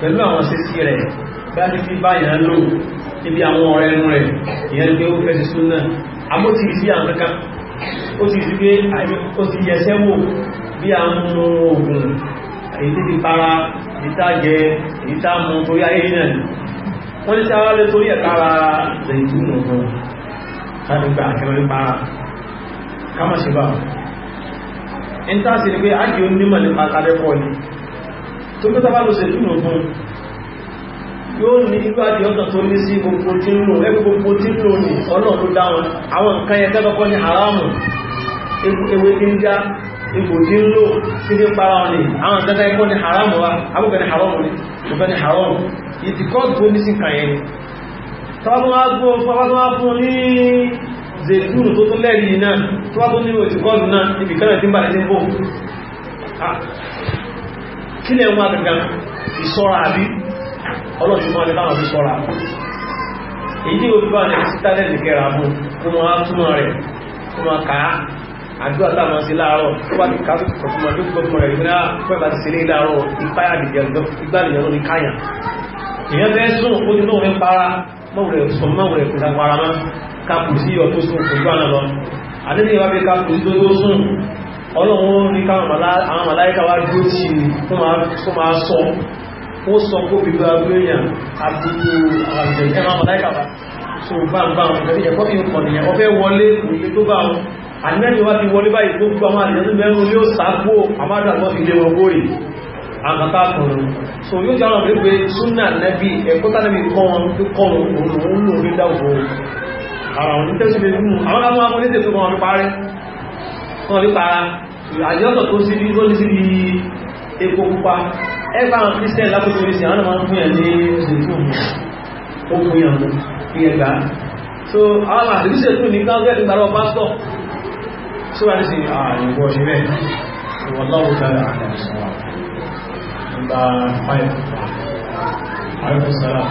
pẹ̀lú àwọn sísí rẹ̀ láti fi báyàn lò níbi àwọn ọ̀rẹ́ ẹnu rẹ̀ ìyẹn pé ó fẹ́ sí súnà àmó ti sí àmẹ́ká ó ti sí pé ó ti yẹsẹ́ wò bí a mú oògùn èyí ti para ìtajẹ ìtamu torí ayé náà wọ́n ní sára lé torí ẹ̀kára lẹ́yìn tí ó ń tàà sí ni pé ájì ó nímọ̀ nípa tàbẹ́kọ́ ni tó pé tàbá ló ṣe tún ògùn yóò ní irú àjì ọ̀tọ̀ tó ní sí gbogbo tí ń lò ẹgbẹ́ tí ń lò haramu ewé tí ń já ipò tí ń lò sí ní para ni àwọn nǹkan tẹ́lọ́kọ́ ní haramu wa ní haramu ní haramu ìtìkọ́ tó ní sí nǹkan yẹn ni wá zèkúrù tó tún lẹ́rí iná tó wá tó nínú ìtìkọ́lù náà ibi kan náà tí ń bá ẹ̀sìn bò ah. kí lẹ́ wọ́n agbẹ̀gbẹ̀ ìṣọ́ra àbí ọlọ́ṣùmọ́ alẹ́ báwọn fi ṣọ́ra èyí tí ó fi bá ní sítálẹ̀sì kẹrà mú kó mọ́ túnmọ̀ rẹ̀ kó mọ́ ká àdúrà táwọn sí láàárọ̀ tó bá ti ká kọ̀kọ̀mọ̀ tó gbọ́gbọ̀ rẹ̀ nígbà pẹ́bà ti sílé láàárọ̀ ìpáyà ìgbàlèyàn ló ní káyà èèyàn fẹ́ sún ó ti náà ń para mọ́wùrẹ̀ sọ mọ́wùrẹ̀ kò kápù sí ọ̀tún sún ojú àná lọ àdínní ìwà bí kápù sí tó sún ọlọ́run ní káwọn màláíkà wá dúró tí tó máa sọ ó sọ kó bí bá gbé èèyàn àti àjẹ̀jẹ̀ máa màláíkà wá so báńbáń ẹ̀kọ́ fi ń kọ̀ nìyẹn ọfẹ́ wọlé ìgbé tó bá wọn ànílẹ́ni wá ti wọlé báyìí tó gbọ́ máa lẹ́nu mẹ́rin olé ó sàápò àmádà wọ́n fi lé wọn góòrì àkàtà kan so yóò jẹ́ àwọn pé súnà nẹ́bí ẹ̀kọ́ tánàbí kọ́ wọn tó kọ́ wọn òun lòun lòun lè dáwọ̀ àwọn onítẹ́sílẹ̀ nínú àwọn àwọn àwọn onítẹ́ tó wọn parẹ́ wọn lè para àjọ́sọ̀ tó sí bí ó ní sí bí epo pupa ẹgbà àwọn christian lápòtò orí sí àwọn ọmọ fún ẹ̀ ní ìsìnkú òkun ìyàmù ìyẹ̀gbà so àwọn àdìsẹ̀ tó ní káwẹ́ ìgbàlọ́ pásítọ̀ so wà ní sí àyẹ̀wò ìrẹ́ ìwọ̀lọ́wọ́ tààrà àdìsọ̀wà number 5 àrẹ́kùsọ̀rà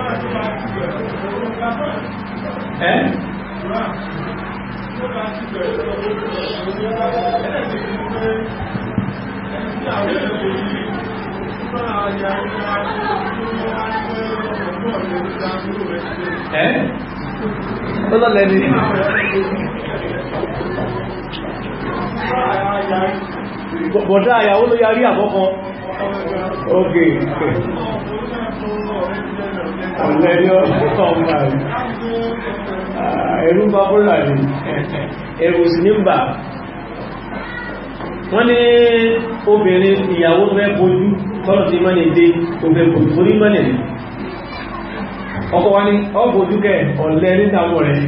ẹ́ bọ̀dá àyàwó ló yarí àkọ́kọ́ oge okay ọ̀lẹ́yọ́ ọmọ ẹ̀rù bá bọ́lá ní ẹ̀rù sí ní bà wọ́n ní obìnrin ìyàwó fẹ́ bojú tọ́rọ̀ sí mọ́ni dé obìnrin kò torí mọ́ni rí ọkọ wa ní ọgbòjú kẹ ọ̀lẹ́ nítàmọ́ rẹ̀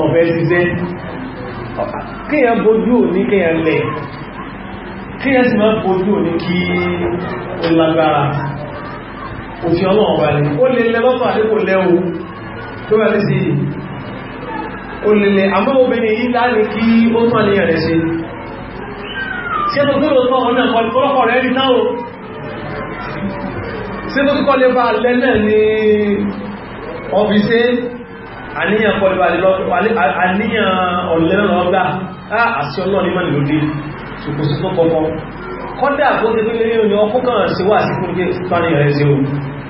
ọ̀fẹ́ ṣiṣẹ́ kíyàn bojú ò ní kíyàn lẹ̀ kíyàn sì máa bojú ò ní kí ó lágbára òfin ọlọ́run ọba ni ó lè lẹ lọ́tọ̀ àdíkò lẹ́wọ́ tó wà ní sí ó lè lẹ àmọ́ obìnrin yìí láàrin kí ó tán ní ẹ̀rẹ́ sí ṣe tó gbé lọ́tọ̀ ọ̀nà ọ̀pọ̀lọpọ̀ rẹ̀ rí náà ṣe tó kíkọ́ lè bá lẹ́ náà ní ọ̀fíṣẹ́ àníyàn pọ̀lú àníyàn ọ̀lẹ́rìn ọgbà àṣì ọlọ́run ní mọ́ni lòdì ṣùkùsù tó sí kúrò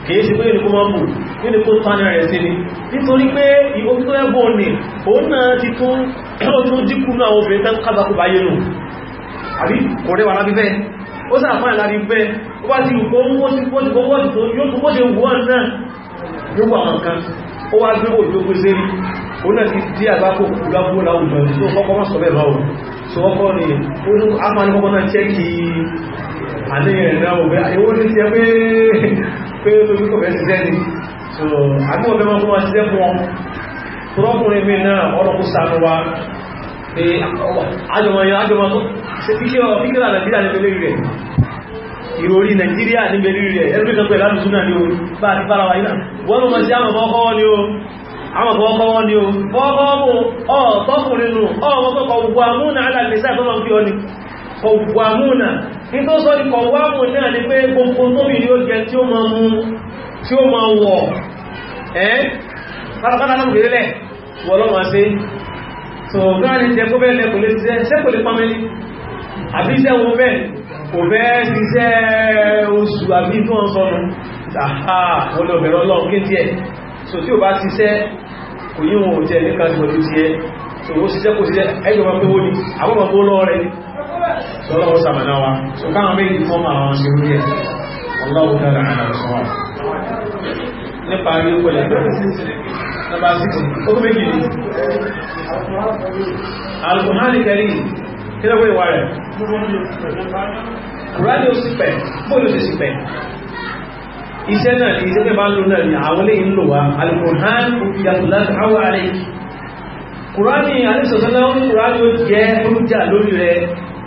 kìí sí pé nìkó máa bù nílé kó tán rẹ̀ sí ni nítorí pé ìwọ́n tó ẹgbọ́ ní òun náà ti tún ẹ̀rọ tó díkù náà obìnrin tán kábàkù bá yé nù àbí kò rẹwà lábí bẹ́ẹ̀ ó sàfáà lábí bẹ́ẹ̀ ó bá ti rùkọ́ mú ó sì pọ́ àníyàn náà òbẹ́ àyíwó ní ti ẹgbẹ́ pé lórí kò fẹ́ so àgbọn ọ̀bẹ́ wọn fún wa ṣiṣẹ́ fún wọn tọrọkùnrin mi náà ọ̀rọ̀ kó sanu wa pé àjọmọ̀ yẹn àjọmọ̀ tó ṣe fíṣẹ́ ọ fíkìlà nàìjíríà ní pẹ̀lú rẹ̀ ìròrí nàìjíríà ní pẹ̀lú rẹ̀ ẹgbẹ́ kan pẹ̀lú àdùsùn náà ni o bá àti fara wa iná wọ́n mọ̀ sí àmọ̀ kọ́kọ́ ni o àwọn ọmọ ni o fọ́ọ̀kọ́ ọ̀tọ́kùnrin nù ọmọ tó lọ fi ní tó sọ ikọ̀ wáàmù náà ni pé gbogbo mi ni ó jẹ tí ó máa mú tí ó máa wọ̀ ẹ́ pátápátá náà lè lẹ̀ wọ́ lọ́wọ́ sí so gáàrí jẹ kó bẹ́ẹ̀ lẹ́kùn lè ṣiṣẹ́ ṣé kò lè pamẹ́ ní àbí iṣẹ́ wo bẹ́ẹ̀ kò bẹ́ẹ̀ ṣiṣẹ́ oṣù àbí tó wọ́n lọ so tí ò bá ṣiṣẹ́ kò yí wọn ò jẹ́ nípa ìwọ̀n so ó ṣiṣẹ́ kò ṣiṣẹ́ ẹjọ́ máa pé wó ni àwọn ọmọ sọ́lọ́ ó sàmàná wa so káwọn méjì fún ma àwọn ṣe orí ẹ̀ ọlọ́wọ́ dára àrà ṣọ́wà nípa rí ó pẹ̀lẹ̀ nọba 6 ó méjì ní alkùnhálì kẹrí kílẹ̀wé ìwà rẹ̀ rádíò sípẹ̀ bóòlù sí sípẹ̀ iṣẹ́ náà ni iṣẹ́ bá lò náà ni àwọn ilé ìlò wa alkùnhálì yàtọ̀ láti àwọn àrẹ kùránì alẹ́sọ̀sọ́lá ń kùránì ó jẹ́ olújà lórí rẹ̀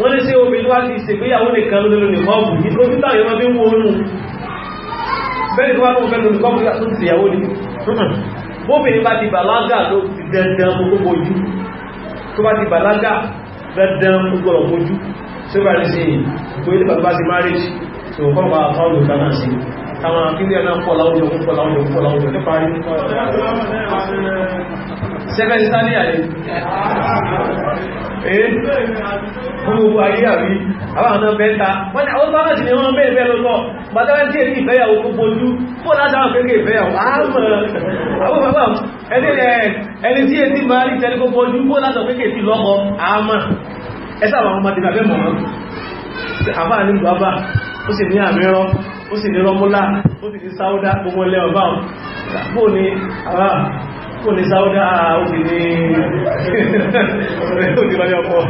wọ́n ní sí obìnrin wá ti ṣègbéyàwó nìkan lórí nìkọ́ọ̀bù ní kọ́mpútà yẹn wọ́n fi ń wọ́n nù bẹ́ẹ̀ tó wá tó fẹ́ lórí kọ́mpútà tó ti yàwó ni bóbìnrin bá ti bàlágà ló ti dandan gbogbo ojú tó bá ti bàlágà dandan gbogbo ọ̀pọ̀ ojú tó bá ti sí ìgbóyè bàbá ti márèjì tó kọ́ àwọn àkílẹ̀ náà pọ̀ láwùjọ púpọ̀ láwùjọ púpọ̀ láwùjọ nípa rí sẹ́fẹ́sì sáàlì àrí èé gbogbo ayé àrí àwọn àwọn bẹ́ta wọ́n ni àwọn bára sí ni wọ́n bẹ́ẹ̀ bẹ́ẹ̀ lọ́tọ́ bàtàrà tí èdè ìfẹ́yàwó gbogbo ojú pọ̀ látàwọn fẹ́kẹ́ ìfẹ́yàwó ẹni tí èdè máa rí tẹ́lẹ̀ gbogbo ojú pọ̀ látàwọn fẹ́kẹ́ ìfẹ́ lọ́kọ àmà ẹsà àwọn ọmọdé tàbẹ́ mọ̀ àbá ní bàbá ó sì ní àmì rán ó sì ní rọmúlá ó sì ní sáúdá gbogbo ilẹ̀ ọba bó ní àwá bó ní sáúdá òbí ní òdìbálẹ̀ ọkọ̀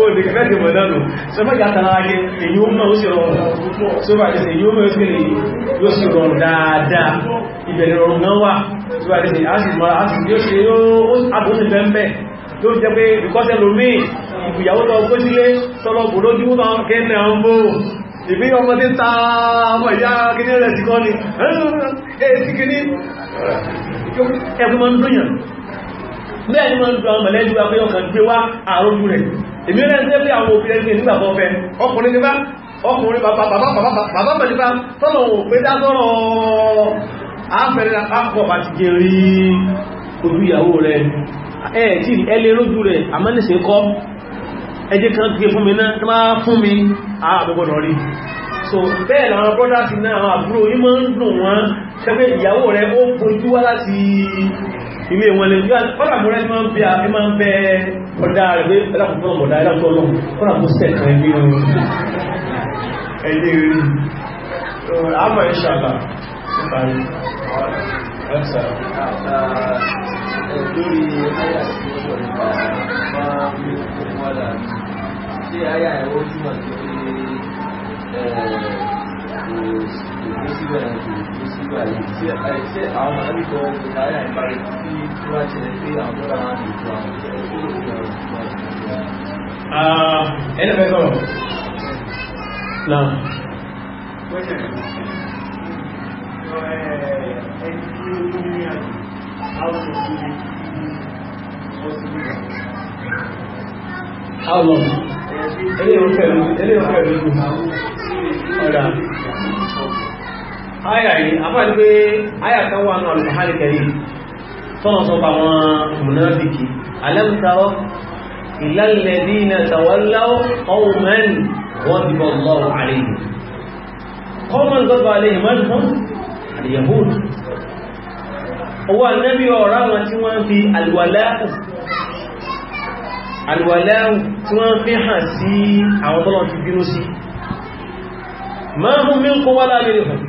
ó ní kẹfẹ́dì mọ̀dánù sọfẹ́jà tàrà ayé èyí ó mọ̀ ó sì rọrùn sọfẹ́jà èyí ó mọ̀ ó sì rọrùn dáadáa ìbẹ̀rẹ̀ rọrùn náà wà sọfẹ́jà á sì mọ́ra á sì yóò ìbí ọmọdé ta ọmọ ìyá kìíní rẹ̀ ti kọ́ ni ẹ̀ẹ́sì kìíní ẹ̀kùn ma ń dúnyàn bẹ́ẹ̀ ni ma ń dúnyàn mọ̀lẹ́jú wa pé ọkàn gbé wá àrójú rẹ̀ èmi rẹ̀ ń tẹ́ pé àwọn òbí rẹ̀ nígbàgbọ́ fẹ́ ọkùnrin nípa ọkùnrin bàbá bàbá bàbá mẹ́lẹ́fà tọ́nà òpé dásọ́rọ̀ àfẹ́rẹ́ àpọ̀ àti jẹ́rí ojú ìyàwó rẹ̀ ẹ̀ẹ́ tí ẹlẹ́rójú rẹ̀ àmẹ́lẹ́sẹ̀ kọ́ ẹjẹ́ kan gbé fún mi náà máa fún mi àgbẹ̀gbọ̀dọ̀ rí so bẹ́ẹ̀ làwọn brothers náà àwọn àbúrò yí máa ń dùn wọn ṣẹ́gbẹ́ ìyàwó rẹ̀ ó bojú wá láti ilé wọn lè yíwá kọ́nà mọ́rẹ́ tí wọ́n bí a fi máa ń bẹ ọ̀dá rẹ̀ pé ẹlàkùnkùn ọ̀dá ẹlàkùnkùn ọlọ́run kọ́nà mọ́ sẹ́ẹ̀kan ẹgbẹ́ ọ̀run ẹ̀lẹ́ rí àmà ìṣàbà ìparí ẹ̀sà lórí ayà sí ọ̀rọ̀ ìpàá padà ṣé ayé àìwọ́ túmọ̀ sí pé kò síbẹ̀ kò síbẹ̀ yìí ṣé àwọn màálù kan kò tí tí wọ́n ṣe pé àwọn tó dára ní ìtura àwọn ìṣẹ̀lẹ̀ tó lè wọ́n lọ sí wọn. ẹni fẹ́ sọ̀rọ̀ náà. ẹni tí ó ní àjò àwọn òṣèlú ọ̀sìn how long eléyìí ń fẹ̀lú eléyìí ń fẹ̀lú ju ọ̀dà àyà yìí àbájú pé àyà kan wà náà lùhálì kẹrì tọ́nà sọ pa àwọn mùnáfìkì alẹ́mùtàwọ́ ìlàlẹ́dí na tàwọ́láwọ́ ọ̀hùnmẹ́n wọ́n ti bọ̀ lọ́wọ́ àlẹ́yìn kọ́mọ̀n gọ́gbà àlẹ́yìn mẹ́rin fún àlẹ́yìn alwalau tí wọ́n fi hàn sí àwọn tọ́lọ̀ ti bínú sí máa hún mí ń kó wá láàrin ìhùn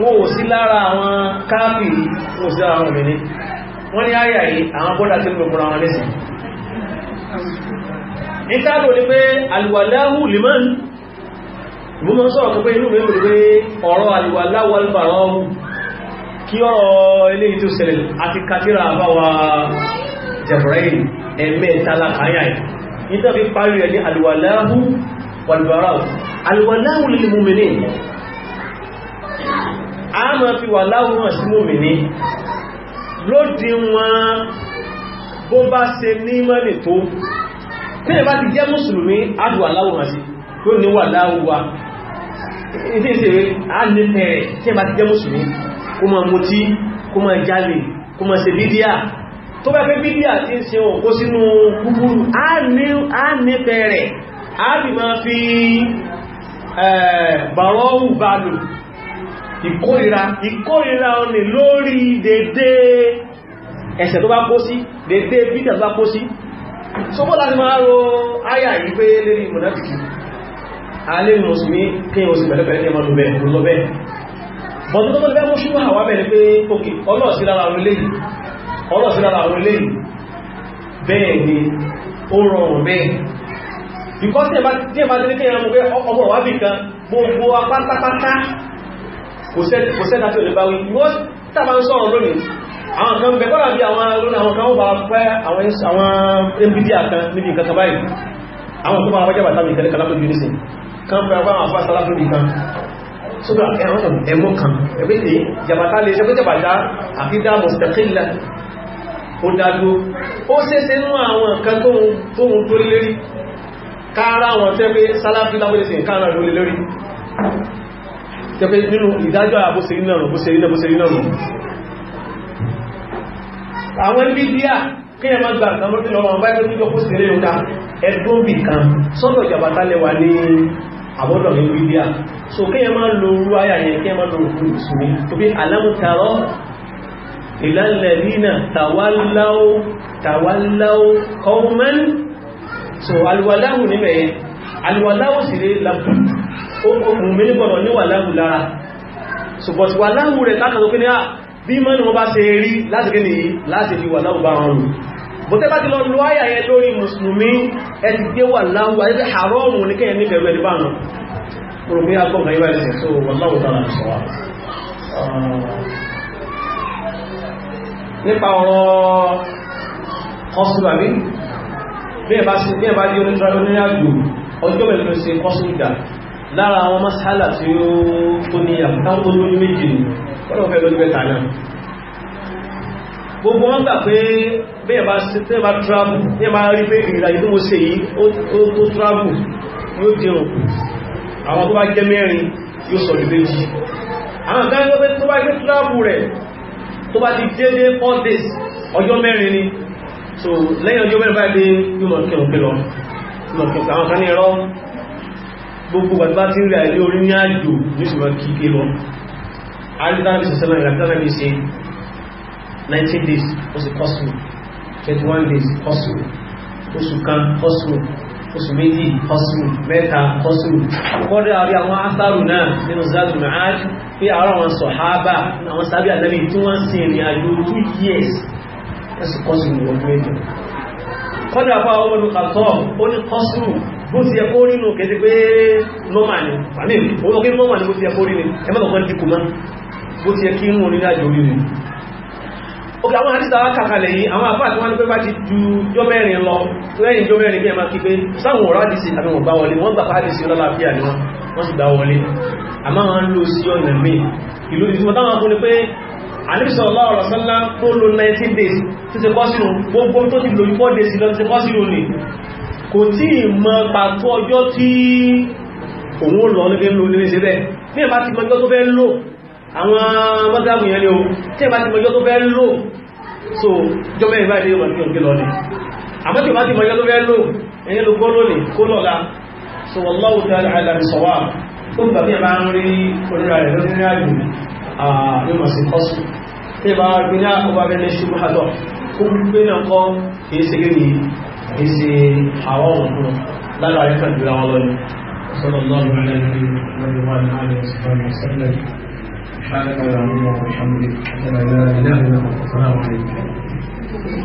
wọ́n ò sí lára àwọn káàpìrí wọ́n sí àwọn òmìnir wọ́n ní àyà yìí àwọn bọ́dà tí ó kọ́ra wọn lẹ́sìn ní táàbò ní pé alwalau liman mú mọ́ sọ́rọ̀ tó pé inú mi rí pé ọ̀rọ̀ alwalau albarau kí ọ̀rọ̀ eléyìí tó ṣẹlẹ̀ àti katira àbáwa jẹ̀bẹ̀rẹ̀ ẹ̀mẹ́ta lákàáyà ẹ̀ nítorí fi parí rẹ̀ ní alwalahu walbara'u alwalahu lil mu'minin a máa fi wà láwọ́n sí mùmìnì lódi wọn bó bá ṣe ní mọ́nì tó tí ẹ bá ti jẹ́ mùsùlùmí adùwà láwọ́n sí tó ní wà láwọ́wà ìdí ìsẹ̀rẹ̀ a lè tẹ̀rẹ̀ tí ẹ bá ti jẹ́ mùsùlùmí kó máa mutí kó máa jalè kó máa ṣe bídíà tó bá pé bídíà tí ń ṣe òkó sínú kúkúrú a ní pẹ̀rẹ̀ a bí máa fi bàrọ́wù bá lò ìkórìíra ìkórìíra ọ̀nì lórí dédé ẹ̀ṣẹ̀ tó bá kó sí dédé bídíà tó bá kó sí sọ́bọ́ láti máa ro áyà yìí pé lérí mọ̀nàfìkì alẹ́ mùsùlùmí kí o sì pẹ̀lẹ́pẹ̀lẹ́ ní ọmọdún bẹ̀rẹ̀ lọ bẹ́ẹ̀ bọ̀dún tó bọ́ lẹ́bẹ́ mú ṣúgbà àwábẹ̀rẹ̀ ọ̀rọ̀ sí lára àwọn eléyìí bẹ́ẹ̀ ni ó rọrùn bẹ́ẹ̀ because tí ẹmà tí ní kíyàn mú pé ọmọ wà bí kan gbogbo apátápátá kò sẹ́ta tí ó lè bá wí wọ́n tàbá ń sọ̀rọ̀ lónìí àwọn kan bẹ̀ kọ́lá bí àwọn olónà àwọn kan ó bá pẹ́ àwọn mbd àkan níbi nǹkan báyìí àwọn tó bá wájá bàtà mi kẹ́lẹ́ kalábò yìí nìsìn kan pẹ́ àwọn àfá sálábò yìí kan sóbà ẹ̀wọ̀n ẹ̀mọ́ kan ẹgbẹ́ ó dájú ó ṣeéṣe nú àwọn nǹkan tóhun tó lérí káàrà àwọn tẹ́ pé sálàfí lábọ́lẹ́sì nǹkan rẹ̀ lórí lórí tẹ́ pé nínú ìdájọ́ àbóṣerí náà bóṣerí náà bóṣerí náà àwọn ibi díà kíyàn máa gbà kan mọ́tí lọ́wọ́ báyé tó kó sí lẹ́yìn ká ẹgbọ́n bì kan sọ́dọ̀ ìjàbátá lẹ́wà ní àbọ́dọ̀ ní ibi díà so kíyàn máa lo orú ayà yẹn kíyàn máa lo òkú ìsúnmi tó bí alámùtarọ́ ìlàlẹ̀dínà tàwàláwó tàwàláwó kọ́ọ̀mẹ́n so alwaláwò níbẹ̀ yẹn alwaláwò sì lè lábù okùn mi nígbọ̀nà ní wàláwò so but wàláwò rẹ̀ látàkó pé ní à ah, bí mọ́nà wọ́n bá ṣe rí láti gẹ́ nìyí láti fi wàláwò bá wọn bọ̀tẹ́ bá ti lọ lọ àyà yẹn lórí mùsùlùmí ẹni gbé wà láwọ́ so wàláwò tààrà nípa ọ̀rọ̀ kọsùlù àbí bí ẹ bá sí bí ẹ bá dí onírìnàjò ọjọ́ mẹ́lẹ̀ sí kọsùlù dà lára àwọn masala tí ó tó ní àbútáwọn tó lórí méjì ni wọ́n fẹ́ lórí mẹ́ta náà gbogbo wọn gbà pé bí ẹ bá sí tí ẹ bá travel ní ẹ tó bá ti dédé all days ọjọ́ mẹ́rin ni so lẹ́yìn ọjọ́ mẹ́rin báyìí yóò mọ̀ kẹun pé lọ mọ̀ kẹun pé àwọn kan ní ẹ̀rọ gbogbo wà bá ti rí àìlé orí ní àjò níṣùgbọ́ kí pé lọ àrídáàbí sọ̀sẹ́lẹ̀ days ó sì kọ́sùn 21 days kọ́sùn oṣù kan kọ́sùn oṣù méjì kọsùrù mẹ́ta kọsùrù kọ́dá àrí àwọn asáàrù náà nínú zazu ma'ájú pé àwọn àwọn sọ̀hábà àwọn sábí àdábì tí wọ́n sì rìn àjò 2 years ẹ̀sùn kọsùrù ọdún ẹ̀dùn kọ́dá àpá ọmọdé kàtọ́ ó ní kọsùrù bó ti ẹkọ́ nínú kẹsí pé nọ́mà ni àmì òun ọkẹ́ nọ́mà ni bó ti ẹkọ́ nínú ẹmọ́ òkè àwọn àdísàwà kàkàlẹ̀ yìí àwọn àfáà tí wọ́n ní pé bá ti ju jọ mẹ́rin lọ lẹ́yìn jọ mẹ́rin kí ẹ máa kí pé sáwọn ọ̀rọ̀ àdísì àbí wọ́n bá wọlé wọ́n gbà àdísì ọlọ́láfíà ni wọ́n sì dá wọlé àmá wọn lò sí ọ̀nà míì ìlú ti fún táwọn akúni pé àníbìsọ̀lá ọ̀rọ̀ sánlá tó lo 19 days ti ṣe kọ́sìnù gbogbo tó ti lòyí 4 days lọ ti ṣe kọ́sìnù ni kò tí ì mọ pàtó ọjọ́ tí òun lọ nílé lónìí ṣe bẹ́ẹ̀ ní ìbá ti mọjọ́ tó fẹ́ lò àwọn mọ́sáàbù yẹn ni o tí ẹ bá ti mọjọ́ tó fẹ́ lò so jọmọ́ ìbá ìdí yóò kí òkè lọ ni àmọ́ tí ẹ bá ti mọjọ́ tó fẹ́ lò ẹ̀yẹ́ ló kọ́ lónìí kó lọ́la so wallahu ta'ala a'lam sọ̀wà tó ń gbàgbé máa ń rí oríra rẹ̀ lórí rí àjò ní mọ̀sí kọ́sù tí ẹ bá rí ní àkọ́bá bẹ́ẹ̀ ní ṣubú àtọ̀ kó gbé náà kọ́ سبحانك اللهم وبحمدك اشهد ان لا اله الا انت السلام عليكم